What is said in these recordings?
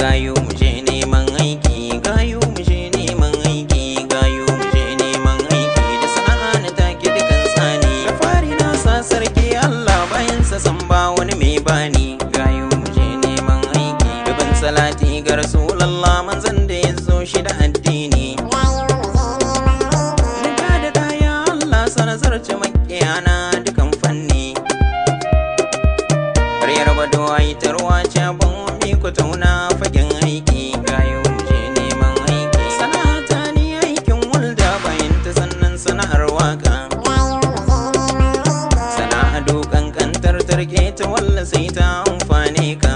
gayu mu je neman aiki gayu mu je neman aiki gayu mu je neman aiki da sana'a na take dukan sani da fari na sa sarki Allah bayan sa san ba wani mai bani gayu mu je neman aiki gaban salati ga rasulullah manzon da ya zo shi da addini rabu da kaya Allah sana zarce makiyana fanni ai tarwa ce bi ku tauna fagen aiki gayo je neman aiki sana'ata ni aikin wulda bayan ta sannan sana'ar waka sana'a dokan kantar tarke ta walla sai ta amfane ka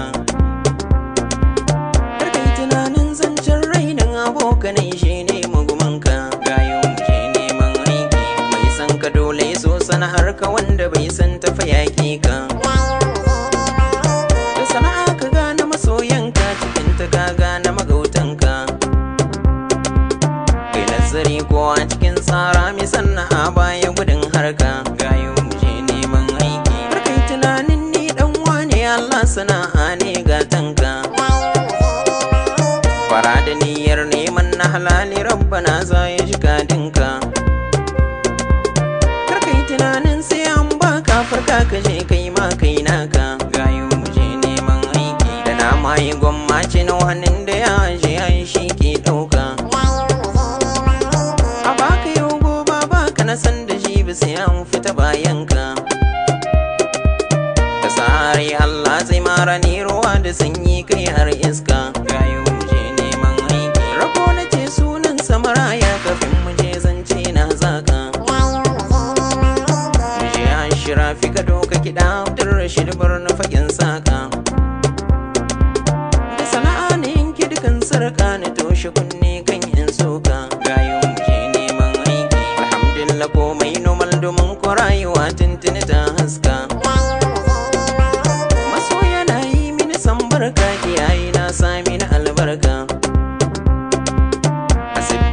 karkai tunanin zancen rainin abokanai shi ne mugumanka gayo je neman aiki mai san ka dole so sana'ar ka wanda kowa cikin tsara mai sanna a baya gudun harka gayu muje neman aiki har kai tunanin ni dan wane Allah sana'a ne ga tanka fara da niyyar neman na halali rabbana za ya shiga dinka kar kai tunanin sai an baka farka ka je kai ma kai naka gayu muje neman aiki da na mai gwamma na wani da ya sanyi kai har iska gayo muje neman aiki rabo na ce sunan samara ya kafin muje zance na zaka muje an shira fi ka doka kiɗa abdur rashid barna fagen saka da sana'a ne yanki dukan sarka na toshe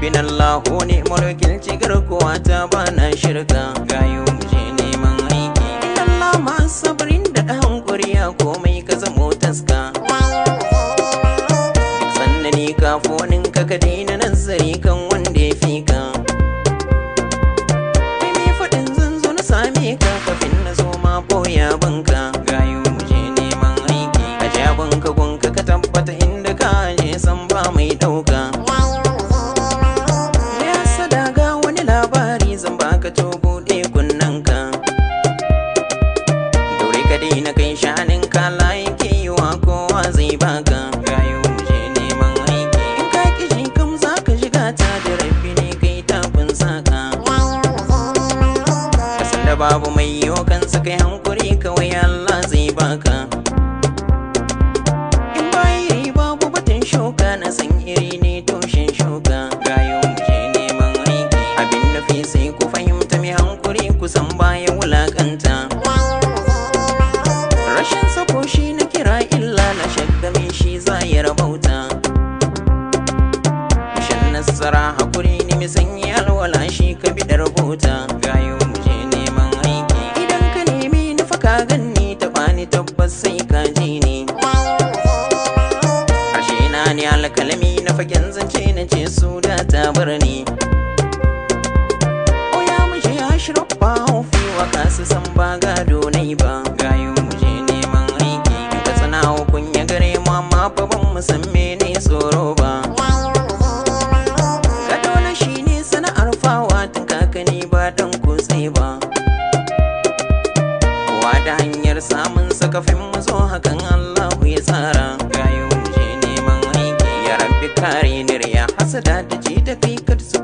Bin Allah ne mulkin cikar garkuwa ta bana shirka gayu muje neman aiki Allah, ma sabrin da ɗan a komai ka zamo taska sannani kafonin ka ka daina nazari kan wanda ya fi ka faɗin na same ka kafin na zo ma boya banka babu mai yiwo kansa kai hankuri kawai Allah zai baka in bayi babu batun shuka na san iri ne tushen shuka gayo muke neman aiki abin nufi sai ku fahimta mai hankuri ku san baya wulakanta rashin sako shi na kira illa na shadda mai shi za ya rabauta nasara hakuri ne mai sanyi alwala shi ka bi da rubuta Wani ni alkalami na fagen zance na ce su da ta bar o ya mu je ba ofi wa kasu san ba gado na ba gayu mu je neman aiki ka tsana hukun ya gare mu amma ba ban mu san mene tsoro ba ga dole shi ne sana'ar fawa tun kakani ba dan kutse ba kowa da hanyar samun sakafin mu zo hakan Allahu ya tsara kare ni riya hasada da ji da kai